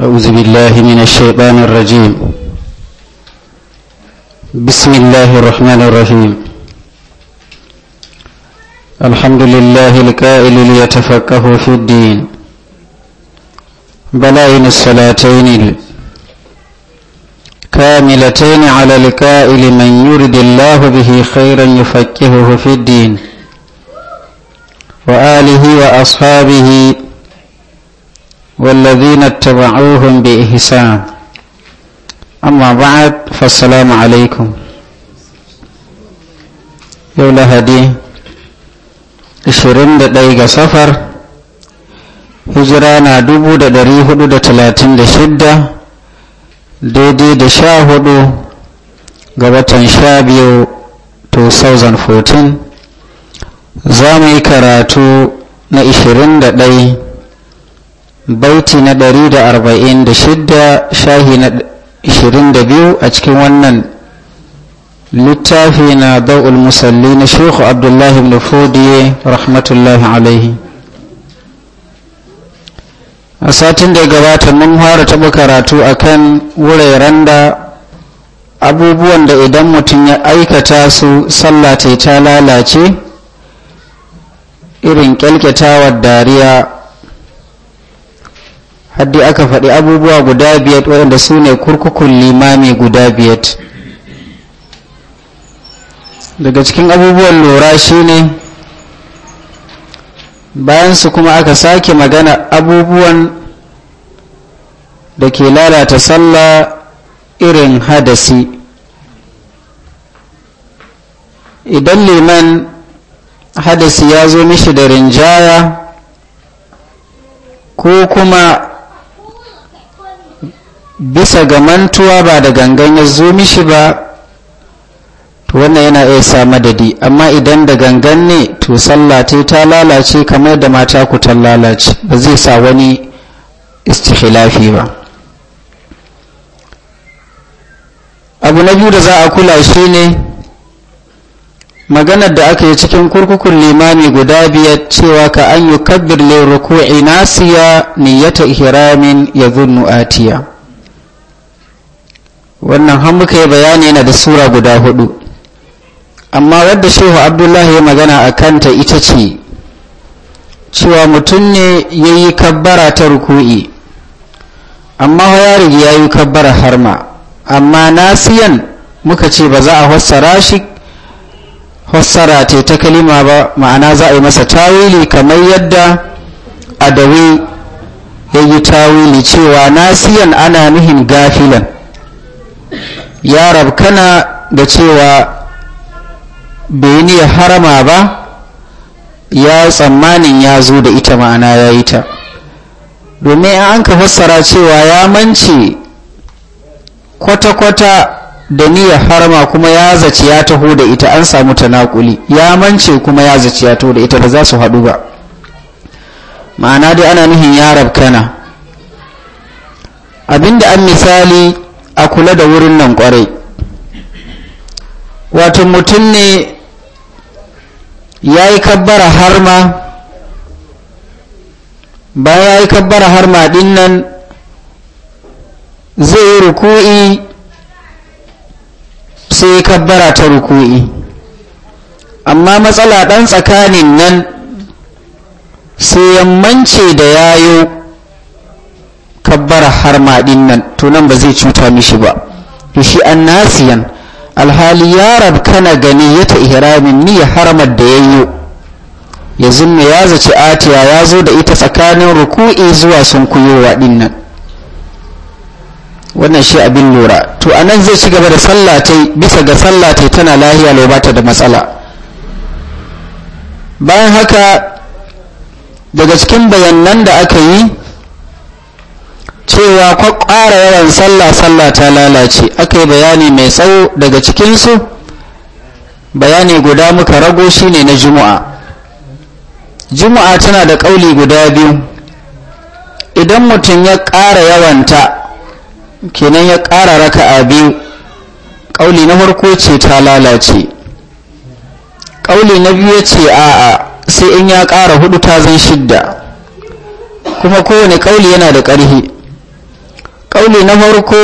أعوذ بالله من الشيطان الرجيم بسم الله الرحمن الرحيم الحمد لله الكائل ليتفقه في الدين بلائن الصلاتين كاملتين على الكائل من يرد الله به خيرا يفكهه في الدين وآله وأصحابه والذين اتبعوهم بإحسان أما بعد فالسلام عليكم يولا هدي ishirin da ɗaya ga safar hijira na dubu da ɗari hudu da talatin da shidda daidai da sha hudu ga sha biyu 2014 za mu yi karatu na ishirin da ɗaya baiti na 146 shahi na 22 a cikin wannan littafi na da'ul musalli na shekhu abdullahi ibn rahmatullahi alaihi a satin da ya gabata mun fara taɓa karatu akan wuraren da abubuwan da idan mutum ya aikata su sallah ta lalace irin kyalkyatawar dariya haddi aka faɗi abubuwa guda biyar waɗanda su ne kurkukun limami guda biyar daga cikin abubuwan lura shi bayan su kuma aka sake magana abubuwan da ke lalata sallah irin hadasi idan liman hadasi ya zo mishi da rinjaya ko kuma bisa ga mantuwa ba da gangan ya zo mishi ba to wannan yana iya sa madadi amma idan da gangan ne to sallah ta ta lalace kamar da mata ku ta lalace ba zai sa wani istikhilafi ba abu na biyu da za a kula shi ne maganar da aka yi cikin kurkukun limami guda biyar cewa ka an yi kabbir lai ruku'i nasiya niyyata ihramin ya zunnu atiya wannan har muka yi bayani na da sura guda hudu amma wadda shehu abdullahi ya magana a kanta ita ce cewa mutum ne ya yi kabbara ta ruku'i amma yari ya yi kabbara harma amma nasiyan muka ce ba za a fassara shi fassara ta ta kalima ba ma'ana za a yi masa tawili kamar yadda adawi ya yi tawili cewa nasiyan ana nuhin gafilan ya rabkana da cewa bai ni harama ba ya tsammanin ya zo da ita ma'ana ya yi ta domin an ka fassara cewa ya mance kwata-kwata da niyyar harama kuma ya zaci ya taho da ita an samu ta naƙuli ya mance kuma ya zaci ya taho da ita ba za su haɗu ba ma'ana dai ana nuhin ya rabkana abinda an misali a kula da wurin nan kwarai wato mutum ne ya yi kabbara harma Ba ya yi kabbara harma din nan zai yi ruku'i sai ya kabbara ta ruku'i amma matsala ɗan tsakanin nan sai ya mance da yayo kabbara har maɗin nan to nan ba zai cuta mishi ba to shi an nasiyan alhali ya rabkana gani ya ta ihramin ya haramar da ya yi ya zunna ya zaci atiya ya zo da ita tsakanin ruku'i zuwa sun kuyowa ɗin nan wannan shi abin lura to anan zai ci gaba da sallatai bisa ga sallatai tana lahiya lau bata da matsala bayan haka daga cikin bayanan da aka yi cewa kwa ƙara yawan sallah sallah ta lalace aka yi bayani mai tsawo daga cikinsu bayani guda muka rago shine na juma'a juma'a tana da ƙauli guda biyu idan mutum ya ƙara yawanta kenan ya ƙara raka'a biyu ƙauli na farko ce ta lalace ƙauli na biyu ce a'a sai in ya ƙara hudu ta zan shidda kuma kowane ƙauli yana da ƙarfi ƙauli na farko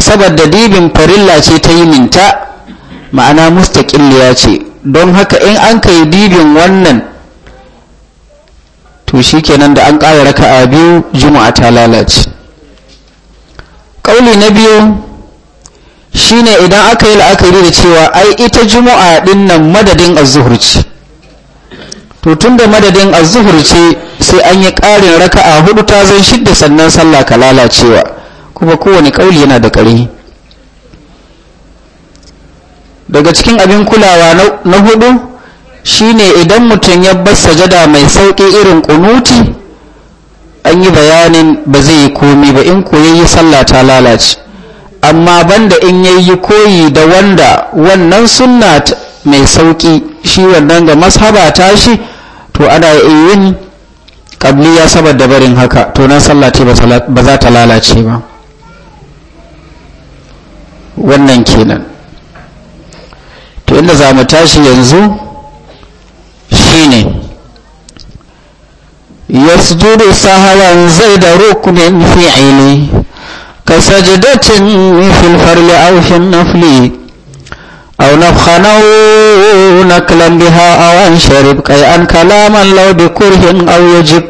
saboda dibin farilla ce ta yi minta ma'ana mustaƙilliya ce don haka in an ka yi dibin wannan to shi kenan da an ƙara raka a biyu juma'a ta lalace ƙauli na biyu shine idan aka yi la'akari da cewa ai ita juma'a ɗin nan madadin azuhur ce to tun da madadin azuhur ce sai an yi ƙarin raka a hudu ta zan shidda sannan sallah ka lalacewa kuma kowane kauli yana da ƙari daga cikin abin kulawa na hudu shine idan mutum ya bar sajada mai sauƙi irin kunuti an yi bayanin ba zai yi komi ba in koyi yi sallah ta lalace amma banda in yayi koyi da wanda wannan sunna mai sauƙi shi wannan ga mashaba ta shi to ana yin kabliya saboda barin haka to nan sallah ba za ta lalace ba wannan kenan to inda za mu tashi yanzu shine yasjudu sahawan zai da rukunin fi'ili ka sajdatin fil farli aw fil nafli aw nafkhanaw naklan biha aw an sharib kai an kalaman law bi kurhin aw yajib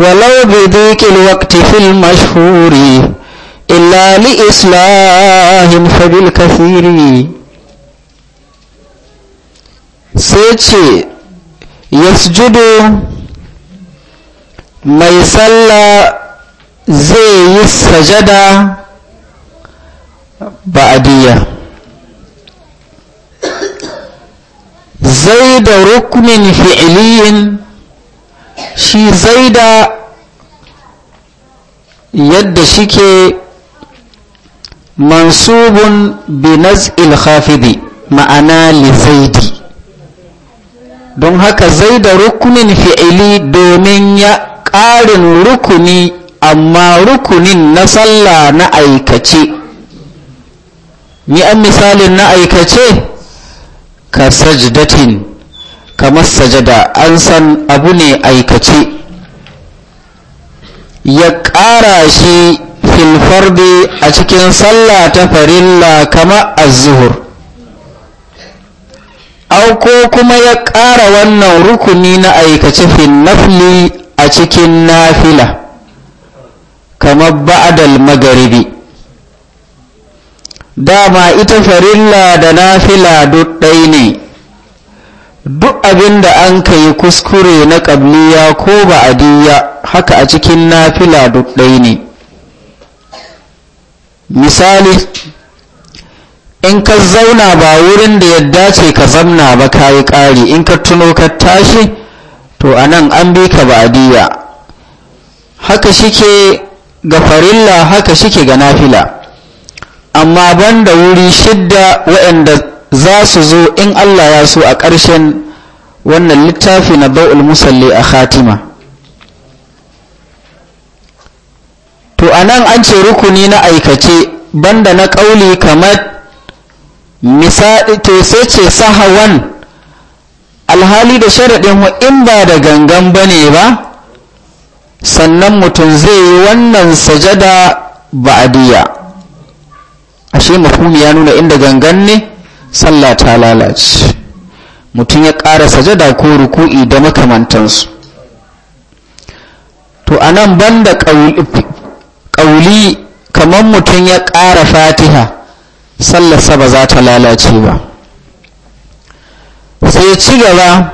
ولو بضيق الوقت في إلا لإصلاهم فبالكثير سيتشي يسجد ما يصلى زي السجد بعدية زيد ركن فعلي شي زيد يد شكي Mansubin bi naz'il ma'ana li don haka zaida rukunin fi'ili domin ya ƙarin rukuni amma rukunin na sallah na aikace ni an misalin na aikace ka sajdatin kamar sajada an san abu ne aikace ya ƙara shi fil fardi a cikin sallah ta farilla kama az-zuhur ko kuma ya ƙara wannan rukuni na aikace fil nafli a cikin nafila kamar ba'dal magaribi dama ita farilla da nafila duk ɗai ne duk abin da an ka kuskure na ƙabliya ko ba'adiyya haka a cikin nafila duk ɗai ne misali in ka zauna ba wurin da ya dace ka zamna ba ka yi ƙari in ka tuno ka tashi to a nan an bi ka ba'adiyya haka shike ga farilla haka shike ga nafila amma banda wuri shidda waɗanda za su zo in Allah ya so a ƙarshen wannan littafi na ba'ul musalli a khatima to a nan an ce rukuni na aikace banda na ƙauli kamar misali to sai ce sahawan alhali da sharaɗin in ba da gangan ba ne ba sannan mutum zai yi wannan sajada ba'adiyya ashe mafumi ya nuna inda gangan ne sallah ta lalace mutum ya ƙara sajada ko ruku'i da makamantansu to a nan banda ƙauli kamar mutum ya ƙara fatiha sallarsa ba za ta lalace ba sai ci gaba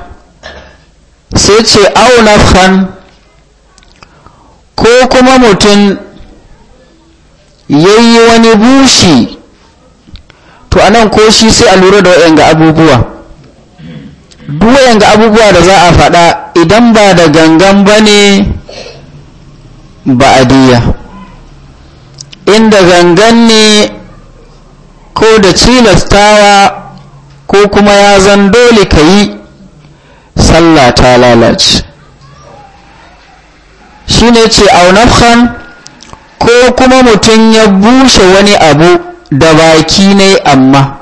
sai ce aunafan ko kuma mutum ya yi wani bushi to anan ko shi sai a lura da ga abubuwa duwayen ga abubuwa da za a faɗa idan ba da gangan ba ne ba a diya inda gangan ne ko da cilastawa ko kuma ya zan dole ka yi sallah ta lalace shi ne ce aunafhan ko kuma mutum ya bushe wani abu da baki ne amma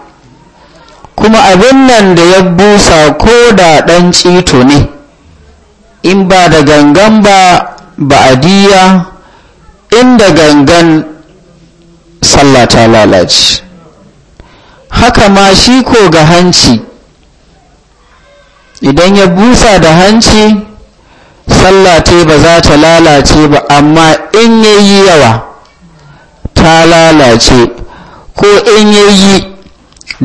kuma abin nan da ya busa ko da ɗan cito ne in ba da gangan ba diya inda gangan sallah ta lalace haka ma shi ko ga hanci idan ya busa da hanci sallah ta ba za ta lalace ba amma in ya yi yawa ta lalace ko in ya yi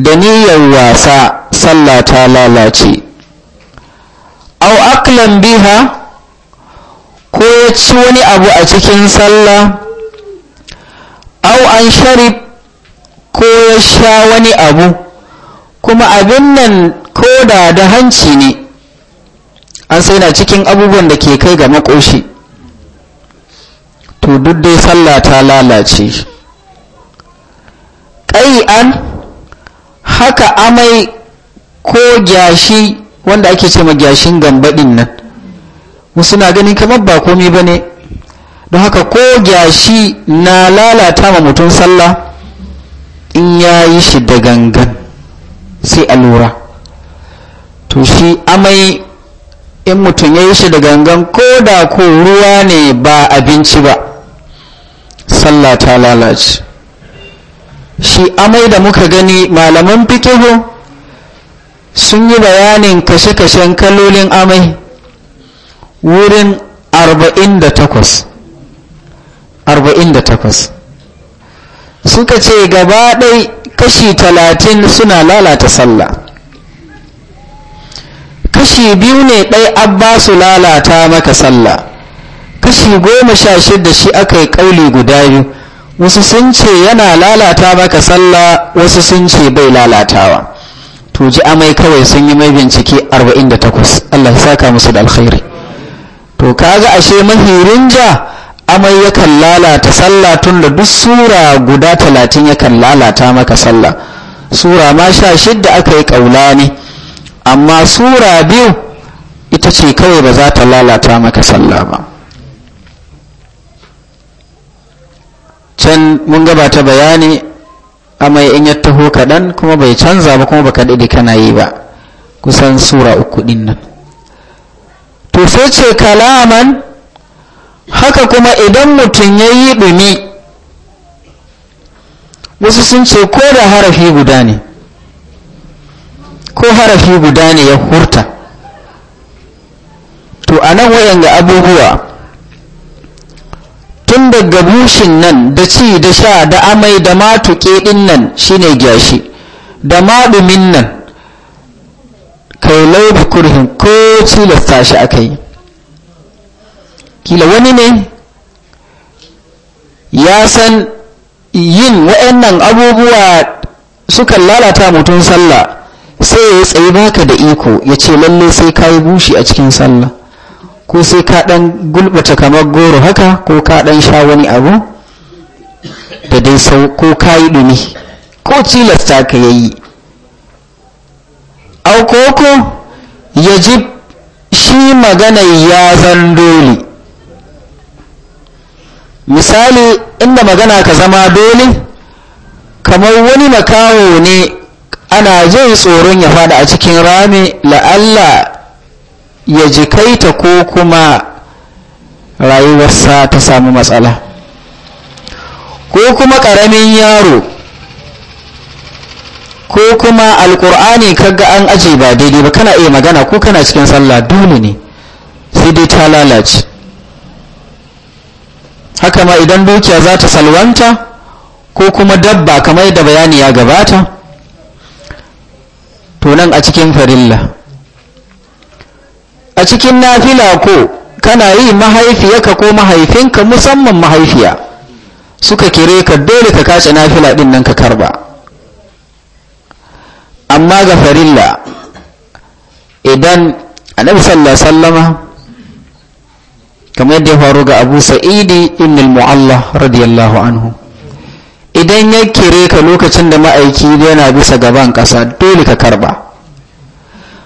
da niyyar wasa sallah ta lalace au aklan biha ko ya ci wani abu a cikin sallah au an sharif ko ya sha wani abu kuma abin nan ko da hanci ne an sai na cikin abubuwan da ke kai ga makoshi to duk dai sallah ta lalace Kai an haka amai ko gyashi wanda ake ce ma gyashin gambadin nan wasu na ganin kamar ba komi ba ne don haka ko gyashi na lalata ma mutum sallah in ya yi shi da gangan sai a lura to shi amai in mutum ya yi shi da gangan ko da ko ruwa ne ba abinci ba sallah ta lalace shi amai da muka gani malaman fikihu sun yi bayanin kashe-kashen kalolin amai wurin 48 48 suka ce gaba ɗai kashi talatin suna lalata sallah kashi biyu ne ɗai abba su lalata maka sallah kashi goma sha shida shi aka yi ƙauli guda biyu wasu sun ce yana lalata maka sallah wasu sun ce bai lalatawa to ji amai kawai sun yi mai bincike 48 Allah saka musu da alkhairi to kaga ashe mahirin ja amai yakan lalata sallah tun da duk sura guda talatin yakan lalata maka sallah sura ma sha shidda aka yi ƙaula ne amma sura biyu ita ce kawai ba za ta lalata maka sallah ba can mun gabata bayani amai in ya taho kaɗan kuma bai canza ba kuma baka daɗe kana yi ba kusan sura uku ɗin nan to sai ce kalaman haka kuma idan mutum ya yi ɗumi wasu sun ce ko da harafi guda ne ko harafi guda ne ya hurta to a nan wayanga abubuwa tun daga bushin nan da ci da sha da amai da matuƙe ɗin nan shine gyashi da maɗumin nan kai laubi kurhin ko cilasta shi aka yi kila wani ne ya san yin waɗannan abubuwa sukan lalata mutum sallah sai ya tsaye baka da iko ya ce lalle sai ka yi bushi a cikin sallah ko sai ka ɗan gulbata kamar goro haka ko ka ɗan sha wani abu da dai sau ko ka yi ɗumi ko tilasta ka yayi aukoko ya ji shi magana ya zan dole misali inda magana ka zama dole kamar wani makawo ne ana jin tsoron ya fada a cikin rami la'alla ya jikaita ko kuma rayuwarsa ta samu matsala ko kuma ƙaramin yaro ko kuma alƙur'ani kaga an aje ba daidai ba kana iya magana ko kana cikin sallah dole ne sai dai ta lalace haka ma idan dukiya za ta salwanta ko kuma dabba kamar yadda bayani ya gabata to nan a cikin farilla a cikin nafila ko kana yi mahaifiyarka ko mahaifinka musamman mahaifiya suka kire ka dole ka kace nafila din nan ka karba amma ga farilla idan annabi sallallahu alaihi wasallama kamar yadda ya faru ga abu sa'idi ibn al-mu'alla radiyallahu anhu idan ya kire ka lokacin da ma'aiki yana bisa gaban kasa dole ka karba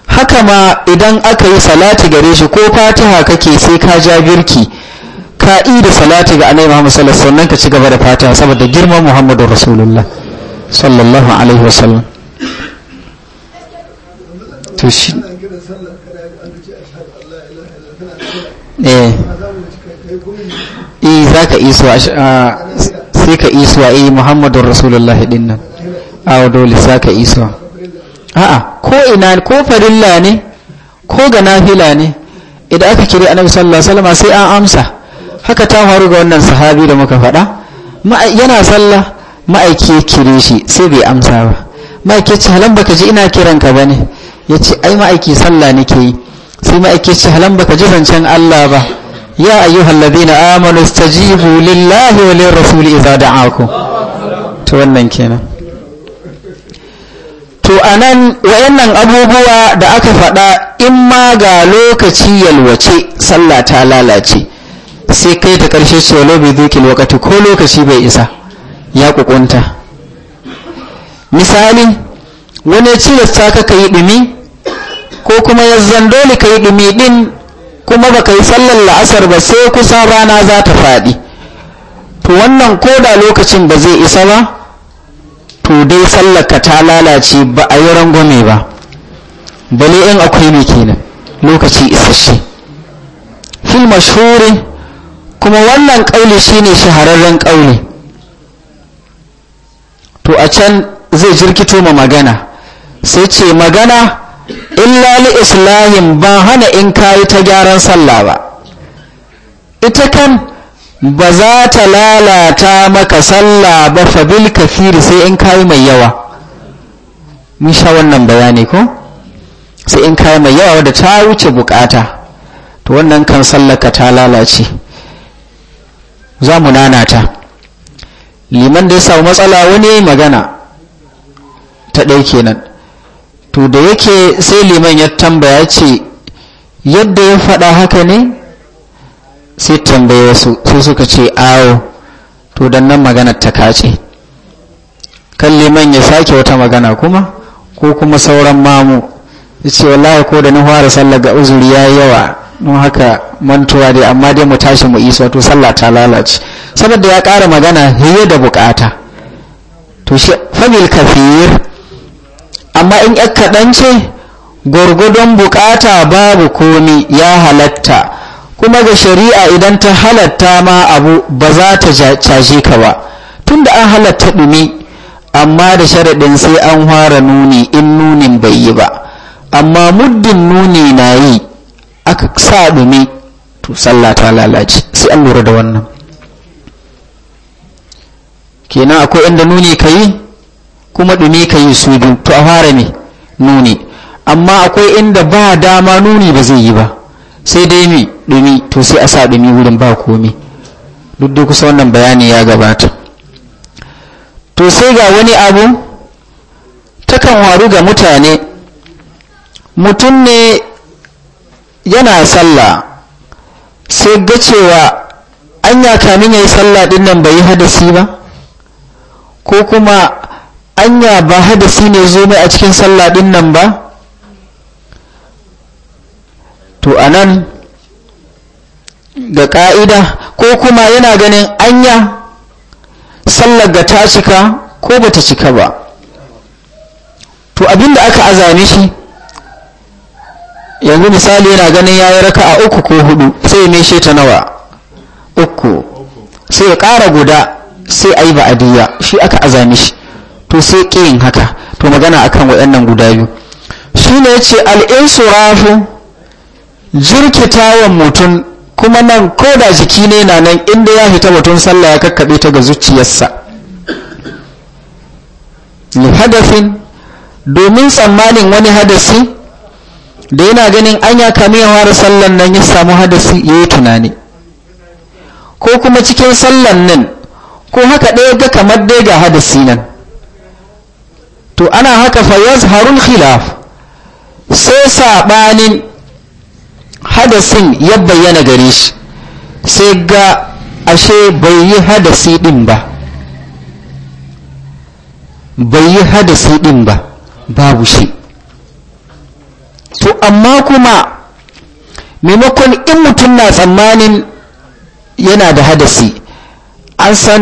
haka ma idan aka yi salati gare shi ko fatiha kake sai ka ja birki ka da salati ga annabi Muhammad sallallahu alaihi wasallam ka ci gaba da fatiha saboda girman Muhammadu Rasulullah sallallahu alaihi wasallam to shi Eh. eh za ka isuwa sai ka isuwa eh muhammadun rasulullah din nan awa dole za ka isuwa a'a ko ina ko farilla ne ko ga nafila ne idan aka kiri annabi sallallahu alaihi sai an amsa haka ta faru ga wannan sahabi da muka faɗa yana sallah ma'aiki ya kire shi sai bai amsa ba ma'aiki ya ce halan baka ji ina kiran ka ne. ya ce ai ma'aiki sallah nake yi sai ma ake ci halan baka ji zancen Allah ba ya ayyuhal ladina amanu stajibu lillahi wa lirrasuli idza da'akum to wannan kenan to anan wayannan abubuwa da aka faɗa in ma ga lokaci yalwace sallah ta lalace sai kai ta karshe ce walau bai dukil wakati ko lokaci bai isa ya kukunta misali wani cilasta ka yi ɗumi ko kuma ya zan dole ka yi ɗumi ɗin kuma ba ka yi sallar la'asar ba sai kusan rana za ta faɗi to wannan ko da lokacin ba zai isa ba to dai sallar ka ta lalace ba a yi rangwame ba bale in akwai ne kenan lokaci isasshe fil mashhuri kuma wannan ƙauli shine shahararren ƙauli to a can zai jirkito ma magana sai ce magana illa li islahin ba hana in kayi ta gyaran sallah ba ita kan ba za ta lalata maka sallah ba fa bil kafiri sai in kayi mai yawa mun sha wannan bayani ko sai in kayi mai yawa da ta wuce bukata to wannan kan sallaka ta lalace za mu nanata liman da ya samu matsala wani magana ta ɗauke nan to da yake sai liman ya tambaya ce yadda ya faɗa haka ne sai tambaye wasu su suka ce awo to don nan maganar ta kace kan liman ya sake wata magana kuma ko kuma sauran mamu ya ce wallahi ko da na fara sallar ga uzuri ya yi yawa don haka mantuwa dai amma dai mu tashi mu iso to sallah ta lalace saboda ya kara magana hiye da bukata to shi famil kafir amma in ya kaɗan ce gwargwadon bukata babu komi ya halatta kuma ga shari'a idan ta halatta ma abu ba za ta caje ka ba tunda an halatta ɗumi amma da sharaɗin sai an fara nuni in nunin bai yi ba amma muddin nuni na yi aka sa ɗumi to sallah ta lalace sai an lura da wannan kenan akwai inda nuni ka yi kuma ɗumi ka yi su biyu to a fara mai nuni amma akwai inda ba dama nuni ba zai yi ba sai dai mi ɗumi to sai a sa ɗumi wurin ba komi duk da kusa wannan bayani ya gabata to sai ga wani abu takan waru ga mutane mutum ne yana sallah sai ga cewa an ya kamin ya yi sallah ɗin nan bai yi hadasi ba ko kuma anya ba hadasi ne zo mai a cikin sallah din nan ba to anan ga ka'ida ko kuma yana ganin anya sallar ga ta cika ko bata cika ba to abinda aka azame shi yanzu misali yana ganin yayi raka a uku ko hudu sai ya sheta ta nawa uku sai ya ƙara guda sai a yi ba'adiyya shi aka azame shi to sai ƙiyin haka to magana akan waɗannan guda biyu shi ne ce al'insurafu jirkitawan mutum kuma nan ko da jiki ne na nan inda ya fita mutum sallah ya kakkaɓe ta ga zuciyarsa li hadafin domin tsammanin wani hadasi da yana ganin an ya kame ya sallan nan ya samu hadasi ya yi tunani ko kuma cikin sallan nan ko haka ɗaya ga kamar dai ga hadasi nan to ana haka fayaz harun khilaf sai sabanin hadasin ya bayyana gare shi sai ga ashe bai yi hadasi din ba bai yi hadasi din ba babu shi to amma kuma maimakon in mutum na tsammanin yana da hadasi an san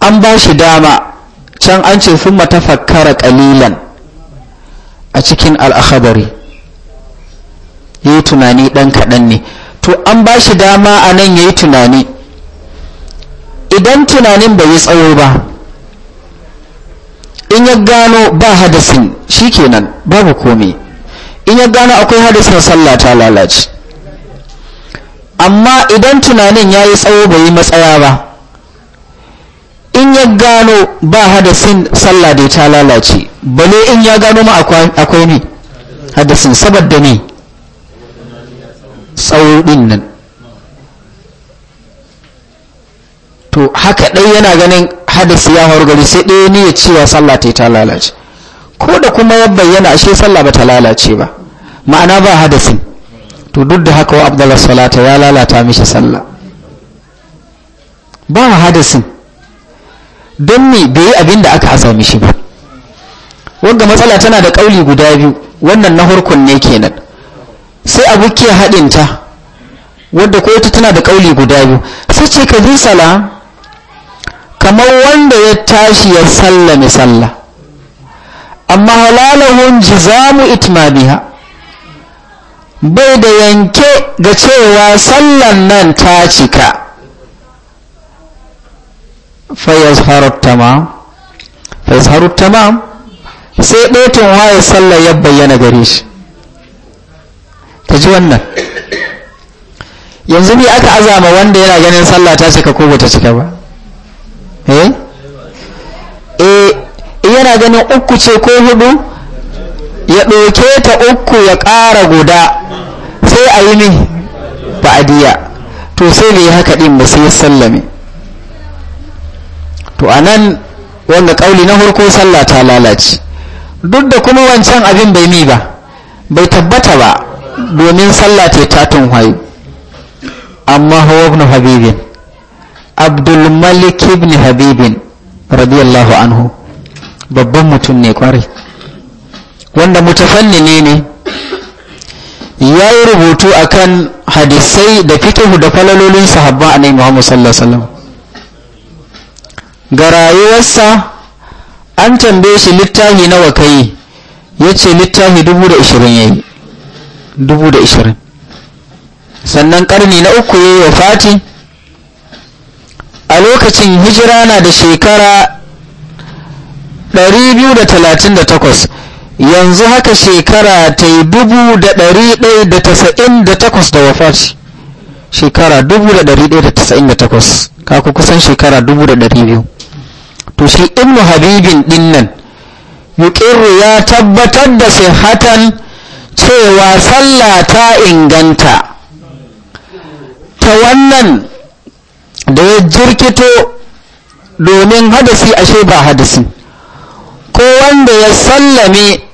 an ba shi dama can an ce sun matafakkara kalilan a cikin al'akhabari ya yi tunani ɗan kaɗan ne to an ba shi dama a nan ya yi tunani idan tunanin bai yi tsawo ba in ya gano ba hadasin shi kenan babu komai in ya gano akwai hadasin sallah ta lalace amma idan tunanin ya yi tsawo bai yi matsaya ba in ya gano ba hadasin sallah da ta lalace bale in ya gano ma akwai ne hadasin saboda ne tsawo din nan to haka ɗai yana ganin hadasi ya faru gari sai ɗaya ne ya cewa sallah ta ta lalace ko da kuma ya bayyana ashe sallah ba ta lalace ba ma'ana ba hadasin to duk da haka wa abdullah salata ya lalata mishi sallah ba hadasin don me bai yi abin da aka sami shi ba wanda matsala tana da ƙauli guda biyu wannan na harkun ne kenan sai abu ke haɗinta wadda ko ta tana da ƙauli guda biyu sai ce ka bi sala kamar wanda ya tashi ya salla misalla. amma halalahun mu itmamiha bai da yanke ga cewa sallan nan ta cika fayazharu tamam fayazharu tamam sai ɗetin waye sallah ya bayyana gare shi ta ji wannan yanzu ni aka azama wanda yana ganin sallah ta cika ko bata cika ba eh yana ganin uku ce ko hudu ya ɗauke ta uku ya ƙara guda sai a yi min ba'adiyya to sai ne haka ɗin ba sai ya sallame to anan wanda ƙauli na hurko sallah ta lalace duk da kuma wancan abin bai mi ba bai tabbata ba domin sallah ta ta hayu amma hawa ibn habibin Abdulmalik ibn habibin radiyallahu anhu babban mutum ne kwarai wanda mutafanni ne ne ya yi rubutu akan hadisai da fitohu da falalolin sahabba a nai muhammadu sallallahu alaihi wasallam ga rayuwarsa an tambaye shi littafi nawa kai ya ce littafi dubu da ishirin ya yi dubu da ishirin sannan karni na uku ya yi wa fati a lokacin hijira na da shekara 238 yanzu haka shekara ta yi dubu da ɗari ɗaya da tasa'in da takwas da wafat shekara dubu da ɗari ɗaya da tasa'in da takwas kaku kusan shekara dubu da ɗari biyu to shi ibnu habibin dinnan yuqirru ya tabbatar da sihatan cewa sallah ta inganta ta wannan da ya jirkito domin hadasi ashe ba hadasi ko wanda ya sallame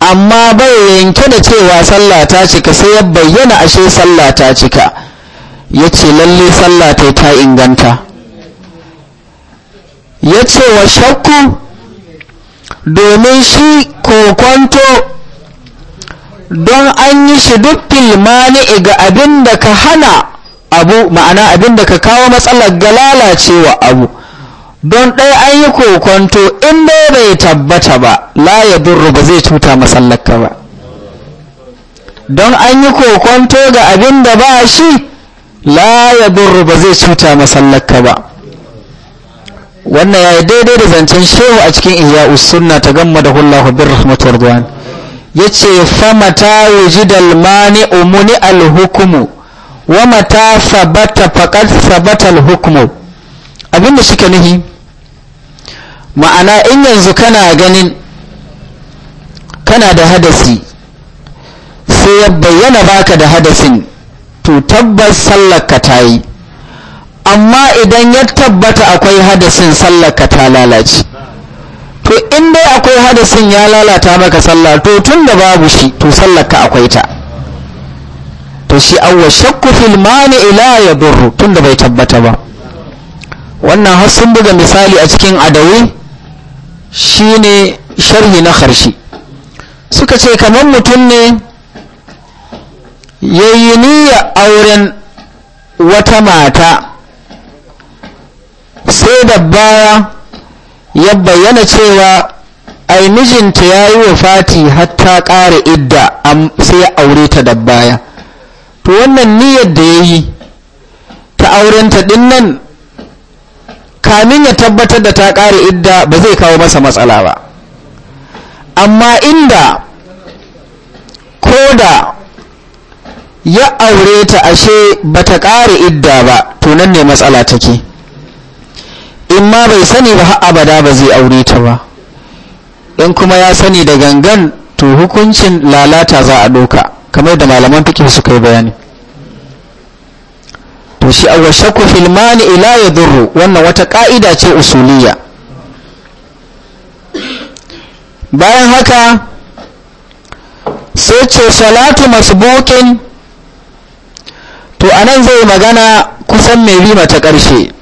amma bai yanke da cewa sallah ta cika sai ya bayyana ashe sallah ta cika ya ce lalle sallah ta ta inganta ya ce wa shakku domin shi kokonto don an yi shi duk filmani ga abin da ka hana abu ma'ana abin da ka kawo matsalar ga lalacewa abu don ɗaya an yi kokonto in dai bai tabbata ba la ya durru ba zai cuta masallaka ba don an yi kokonto ga abin da ba shi la ya durru ba zai cuta masallaka ba wannan ya yi daidai da zancen shehu a cikin iya usunna ta gamma da hullahu bin rahmatu warduwan ya ce famata wujidal mani umuni alhukumu wa mata sabata faƙar sabata Abin abinda suke nuhi ma'ana in yanzu kana ganin kana da hadasi sai ya bayyana baka da hadasin to tabbas sallar ka ta yi amma idan ya tabbata akwai hadasin sallarka ta lalace to in dai akwai hadasin ya lalata maka sallah to tun da babu shi to sallarka akwai ta to shi awwa shakku fil mani ila ya burru tun da bai tabbata ba wannan har sun buga misali a cikin adawi shine sharhi na karshe suka ce kamar mutum ne yayi niyya auren wata mata sai da baya ya bayyana cewa ai mijinta ya yi wa fati hatta ƙara idda sai ya aure ta da baya to wannan niyyar da ya yi ta auren ta ɗin nan kamin ya tabbatar da ta ƙara idda ba zai kawo masa matsala ba amma inda ko da ya aure ta ashe ba ta ƙare idda ba to nan ne matsala take in ma bai sani ba har abada ba zai aure ta ba in kuma ya sani da gangan to hukuncin lalata za a ɗauka kamar da malaman fikin suka yi bayani to shi awwa shakku fil mani ila wannan wata ƙa'ida ce usuliya bayan haka sai ce salatu bokin. to anan zai magana kusan mai bi mata ƙarshe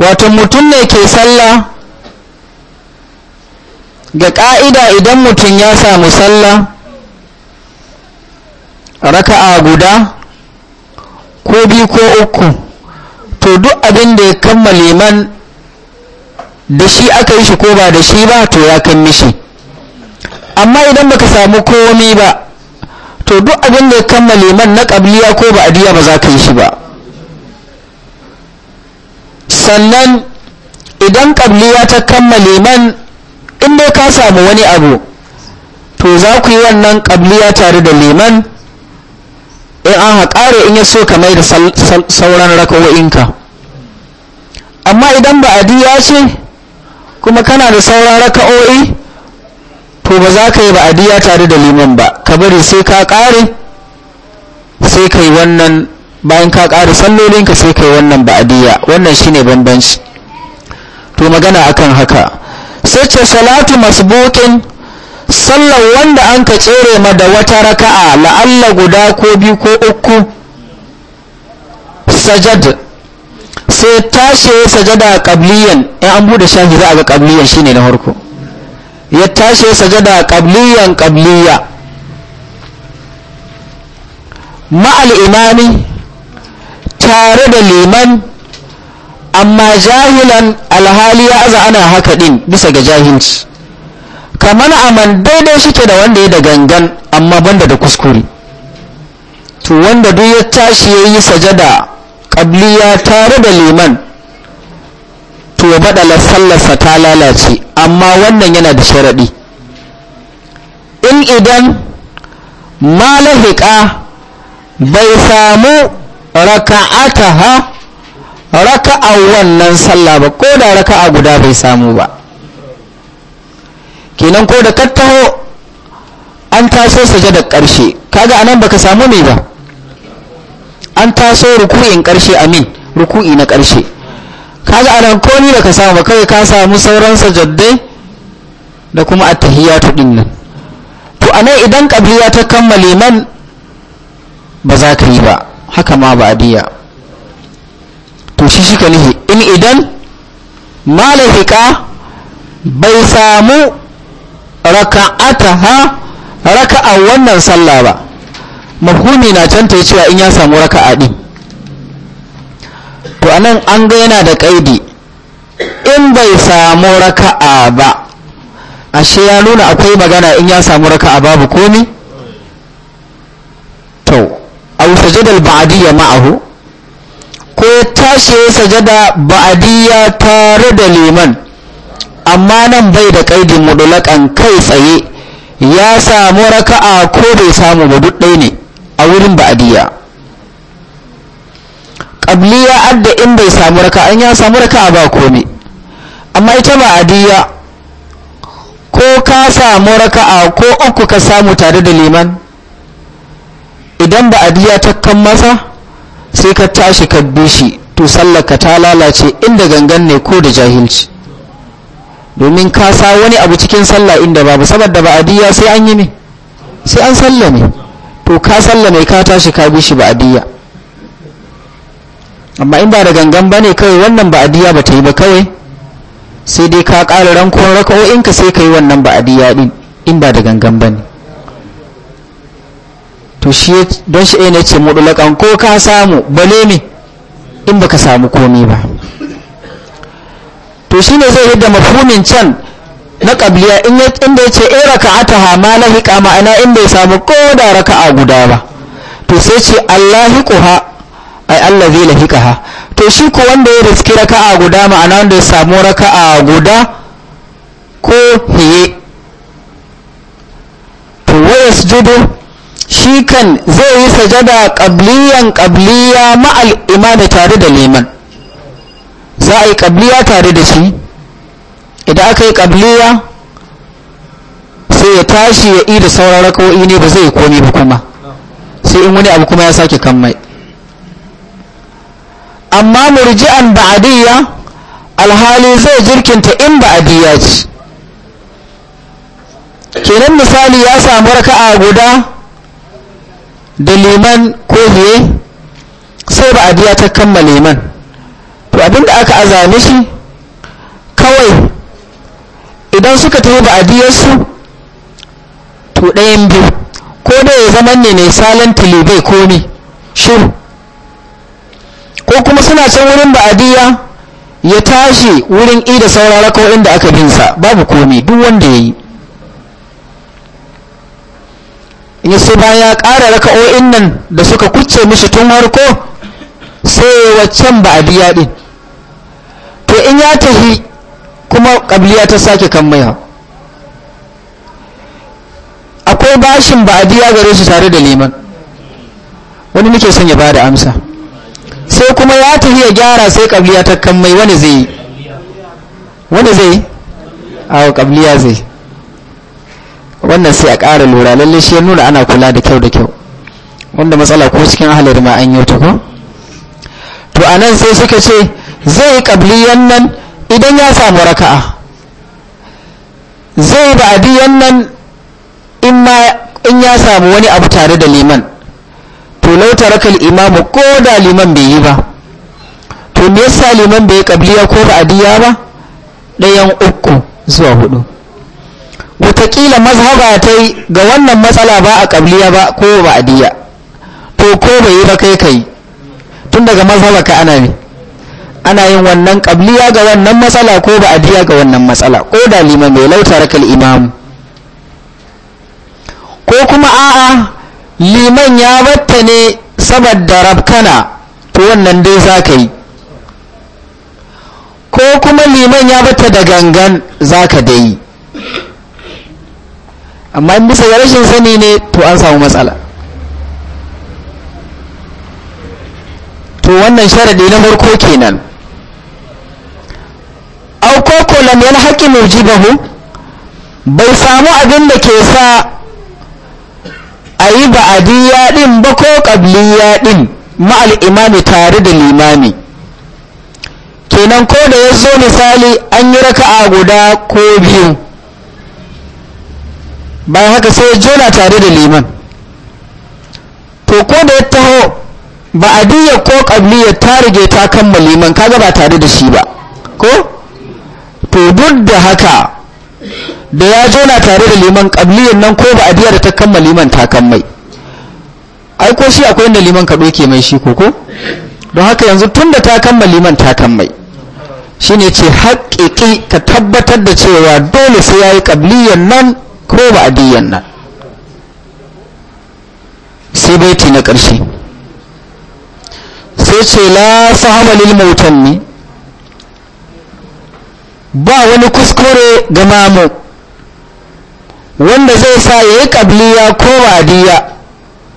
wato mutum ne ke sallah ga ƙa'ida idan mutum ya samu sallah raka'a guda ko biyu ko uku to duk abin da ya kammala liman da shi aka yi shi ko ba da shi ba to ya kan mishi amma idan baka samu komi ba to duk abin da ya kammala liman na ƙabliya ko ba adiya ba za ka yi shi ba sannan idan ƙabliya ta kammale man in dai ka samu wani abu to za ku yi wannan ƙabliya tare da liman in an haƙare in ya so ka mai da sauran rakao'inka amma idan ba ya ce kuma kana da sauran raka'o'i to ba za ka yi ba adiya tare da liman ba ka bari sai ka ƙare sai ka yi wannan bayan ka ƙara sallolinka sai kai wannan ba'adiyya wannan shine bambanci to magana akan haka sai ce salatu masbutin sallar wanda an ka tsere ma da wata raka'a la'alla guda ko biyu ko uku sajad sai tashi sajada qabliyan in an bude shafi za a ga qabliyan shine na harko ya tashi sajada qabliyan qabliya ma'al imami tare da liman amma jahilan alhali ya aza ana haka din bisa ga jahilci kamar aman daidai shike da wanda ya da gangan amma banda da kuskure to wanda duk ya tashi ya yi sajada ƙabliya tare da liman to baɗala sallarsa ta lalace amma wannan yana da sharaɗi in idan malahiƙa bai samu raka'ataha raka'a wannan sallah ba ko da raka'a guda bai samu ba kenan ko da kattaho an taso sajada ƙarshe kaga anan baka samu me ba an taso ruku'in ƙarshe amin ruku'i na ƙarshe kaga anan ko ni baka samu ba kai ka samu sauran sajaddai da kuma attahiyatu din nan to anan idan kabliya ta kammale man ba za ka yi ba haka ma adiya to shi shi nihi in idan malafika bai samu raka'ata ha raka'a wannan sallah ba mafhumi na canta ya cewa in ya samu raka'a din to anan an ga yana da kaidi in bai samu raka'a ba ashe ya nuna akwai magana in ya samu raka'a babu komi am sajada al-ba'diyya ma'ahu ko ya tashi sajada ba'diyya tare da liman amma nan bai da kaidin mudulakan kai tsaye ya samu raka'a ko bai samu ba duk ɗaya ne a wurin ba'diyya qabliya adda in bai samu raka'a ya samu raka'a ba komai amma ita ba'diyya ko ka samu raka'a ko uku ka samu tare da liman idan ba adiya ta kan masa sai ka tashi ka bishi shi to sallaka ta lalace inda gangan ne ko da jahilci domin ka sa wani abu cikin sallah inda babu saboda ba adiya sai an yi ne sai an sallame to ka sallame ka tashi ka bishi shi ba adiya amma in ba da gangan ba ne kawai wannan ba adiya ba ta yi ba kawai sai dai ka ƙara rankon raka'o'inka sai ka yi wannan ba adiya din in ba da gangan ba ne to shi don shi ne ce mudulakan ko ka samu bale ne in baka samu komi ba to shine zai yadda mafhumin can na kabliya in ya inda yace eh, raka'ata ha ma lahiqa ma'ana in bai samu ko da raka'a guda ba to sai ce ha. ai allazi lahiqaha to shi ko wanda ya riski raka'a guda ma'ana wanda ya samu raka'a guda ko hiye to wa yasjudu kan zai yi sajada qabliyan qabliya ma'al imami tare da liman za a yi qabliya tare da shi idan aka yi qabliya sai ya tashi ya yi da sauran raka'o'i ne ba zai yi komi ba kuma sai in wani abu kuma ya sake kan mai amma murji'an ba'adiyya alhali zai jirkinta in ba'adiyya ce kenan misali ya samu raka'a guda da liman ko hiye sai ba a biya ta kammala liman to abinda aka azame shi kawai idan suka tafi ba a to ɗayan biyu ko da ya zama ne mai salon tilibai komi shiru ko kuma suna can wurin ba ba'adiyya ya tashi wurin ida saurara ko inda aka binsa babu komi duk wanda ya yi in sai bayan ya ƙara raka'o'in nan da suka kuce mishi tun harko sai waccan ba a biya ɗin to in ya tahi kuma ƙabliya ta sake kan maiha akwai bashin ba a biya gare su tare da liman wani nake son ya ba da amsa sai kuma ya tahi ya gyara sai ƙabliya ta kan mai wani zai yi wani zai yi a ƙabliya zai yi. wannan sai a ƙara lura lalle shi ya nuna ana kula da kyau da kyau wanda matsala ko cikin ahalar ma an yi ko to a nan sai suka ce zai yi nan idan ya samu raka'a zai yi ba'adiyan nan in ya samu wani abu tare da liman to lauta rakal imamu ko da liman bai yi ba to me yasa liman bai yi ko ko ba'adiyya ba ɗayan uku zuwa hudu wataƙila mazhaba ta yi ga wannan matsala ba a ƙabliya ba ko ba a diya to ko bai yi ba kai kai tun daga mazhaba ka ana ne ana yin wannan ƙabliya ga wannan matsala ko ba a diya ga wannan matsala ko da liman mai lauta rakal imamu ko kuma a'a liman ya batta ne saboda rabkana to wannan dai za ka yi ko kuma liman ya batta da gangan za ka dai yi amma in bisa ga rashin sani ne to an samu matsala to wannan sharadi na farko kenan au koko lam yalhaqi mujibahu bai samu abin da ke sa a yi ba'adiyya din ba ko qabliya din ma'al imami tare da limami kenan ko da ya zo misali an yi raka'a guda ko biyu bayan haka sai ya jona tare da liman to ko da ya taho ba adiyya ko kabliya ta tarige ta kama liman kaga ba tare da shi ba ko to duk da haka da ya jona tare da liman kabliyar nan ko ba adiyya da ta kama liman ta kammai ai ko shi akwai inda liman ka doke mai shi ko ko don haka yanzu tun da ta kama liman ta shi shine ce haƙiƙi ka tabbatar da cewa dole sai yayi kabliyar nan ko ba adiyan nan sai baiti na ƙarshe sai ce la sahaba lil mautanni ba wani kuskure ga mamu wanda zai sa ya yi ƙabliya ko wadiya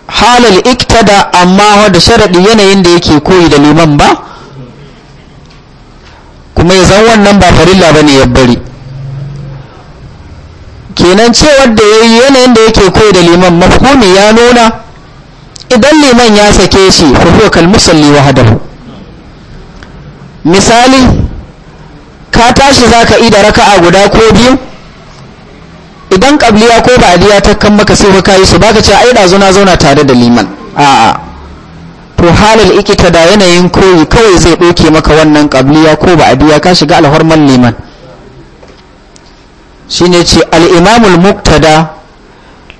halal iktada amma wadda sharaɗi yanayin da yake koyi da liman ba kuma ya zan wannan ba farilla ba ne ya bari kenan cewar da ya yi yanayin da yake koyi da liman mafhumi ya nuna idan liman ya sake shi fahuwa kalmusalli wahadahu misali ka tashi za ka ida a guda ko biyu idan kabliya ko ba'diya ta kan maka sai ka yi su baka ce ai da zuna zauna tare da liman a'a to halal ikita da yanayin koyi kawai zai doke maka wannan kabliya ko ba'diya ka shiga alhorman liman shine ce al'imamul muktada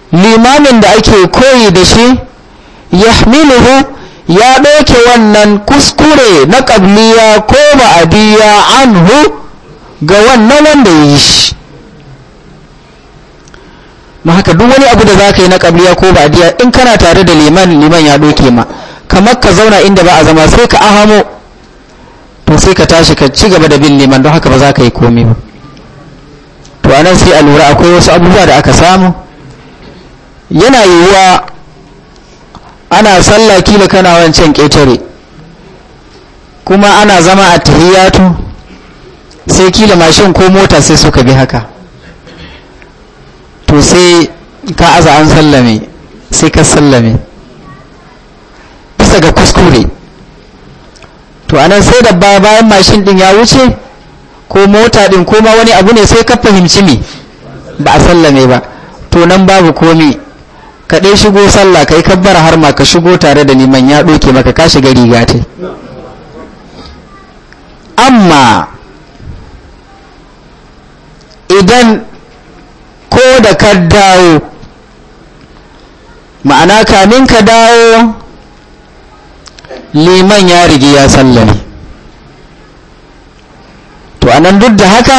limamin da ake koyi da shi hamilu ya ɗauke wannan kuskure na ƙabliya ko ba'adiyya anhu ga wannan wanda ya yi shi ma haka duk wani abu da za ka yi na ƙabliya ko ba'adiyya in kana tare da liman liman ya ɗauke ma kamar ka zauna inda ba a zama sai ka ahamo to sai ka tashi ka ci gaba da bin liman don haka ba za ka yi komai ba to a nan sai a lura akwai wasu abubuwa da aka samu yana yiwuwa ana sallah kila kana wancan ƙetare kuma ana zama a tahiyatu sai kila mashin ko mota sai suka bi haka to sai ka aza an sallame sai ka sallame bisa ga kuskure to anan sai da bayan mashin din ya wuce ko mota din ko ma wani abu ne sai ka fahimci me ba a sallame ba to nan babu komi ka dai shigo sallah kai kabbara har ma ka shigo tare da man ya doke maka ka shiga riga ta amma idan ko da ka dawo ma'ana kamin ka dawo liman ya rigi ya sallame to a nan duk da haka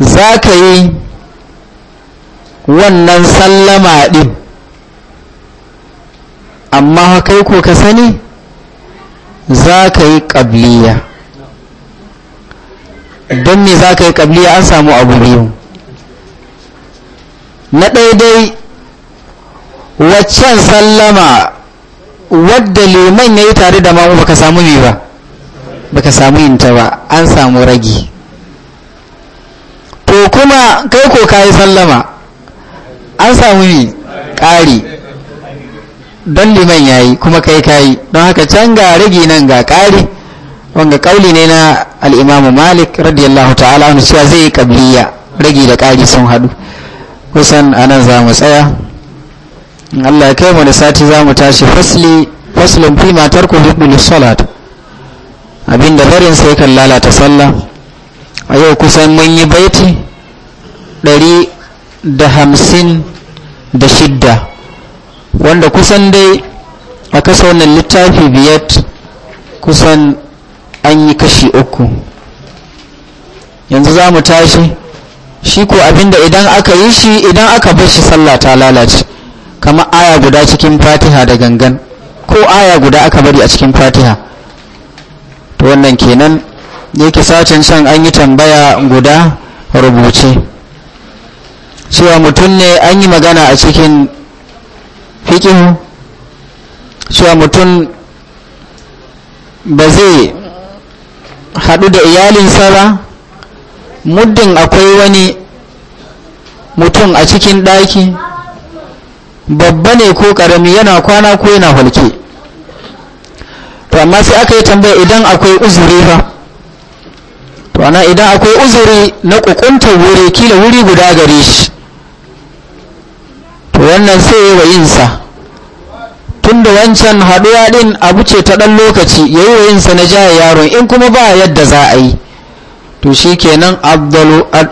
za ka yi wannan sallama ɗin amma kai ko ka sani za ka yi ƙabliya don me za ka yi ƙabliya an samu abu biyu na daidai waccan sallama wadda liman ya yi tare da mamu baka samu ne ba baka samu yin ta ba an samu ragi to kuma kai ko kayi sallama an samu ne ƙari don liman yayi kuma kai kayi don haka can ga ragi nan ga ƙari wanga kauli ne na al'imamu malik radiyallahu ta'ala wani cewa zai yi kabliya ragi da ƙari sun haɗu kusan a nan za mu tsaya allah ya kai mu da sati za mu tashi fasli faslin fi matar ku hudu salat abin da barin sai kan lalata sallah a yau kusan mun yi baiti ɗari da hamsin da shidda wanda kusan dai a kasa wannan littafi biyar kusan an yi kashi uku yanzu za mu tashi shi ko abinda idan aka yi shi idan aka bar shi sallah ta lalace kama aya guda cikin fatiha da gangan ko aya guda aka bari a cikin fatiha wannan kenan yake sacin can an yi tambaya guda rubuce cewa mutum ne an yi magana a cikin fikin cewa mutum ba zai haɗu da iyalinsa ba muddin akwai wani mutum a cikin ɗaki babba ne ko ƙarami yana kwana ko yana hulke to amma sai aka yi tambaya idan akwai uzuri fa to ana idan akwai uzuri na kukunta wuri kila wuri guda gare shi to wannan sai ya wa yinsa tun da wancan haduwa din abu ce ta dan lokaci ya yi wa yinsa na jaya yaron in kuma ba yadda za a yi to shi kenan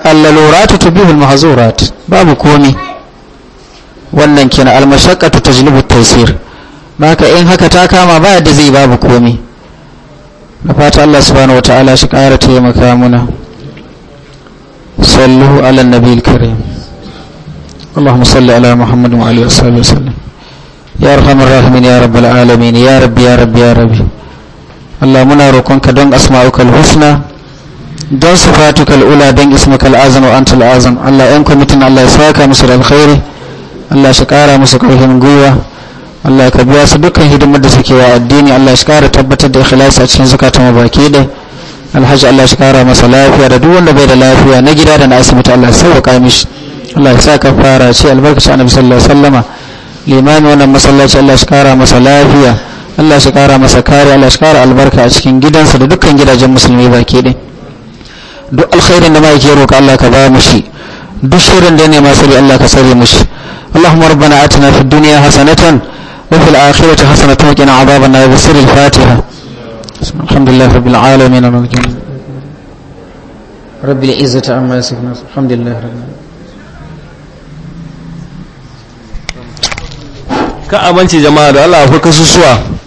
allaloratu tubihul mahazorat babu komi wannan kenan almashakatu tajlibu taysir baka in haka ta kama ba da zai babu komi na fata Allah subhanahu wata'ala shi muna sallu ala nabil karim don sifatukal ula don ismikal azam wa antal azam Allah yan kwamitin Allah ya saka musu da alkhairi Allah shi kara musu karfin gwiwa Allah ka biya su dukkan hidimar da suke wa addini Allah shi kara tabbatar da ikhlasi a cikin zakatun mabaki da alhaji Allah shi kara masa lafiya da duk wanda bai da lafiya na gida da na asibiti Allah sauka mishi Allah ya sa ka fara ce albarkaci annabi sallallahu alaihi wasallama limami wannan masallaci Allah shi kara masa lafiya Allah shi kara masa kare Allah shi kara albarka a cikin gidansa da dukkan gidajen musulmi baki ɗaya duk alkhairin da ma yake roƙa Allah ka ba mu shi duk shirin da ne ma sari Allah ka sare mu shi اللهم ربنا آتنا في الدنيا حسنة وفي الآخرة حسنة وقنا عذاب النار بسر الفاتحة الحمد لله رب العالمين رب العزة عما يصفون الحمد لله رب ka amince jama'a da Allah akwai kasusuwa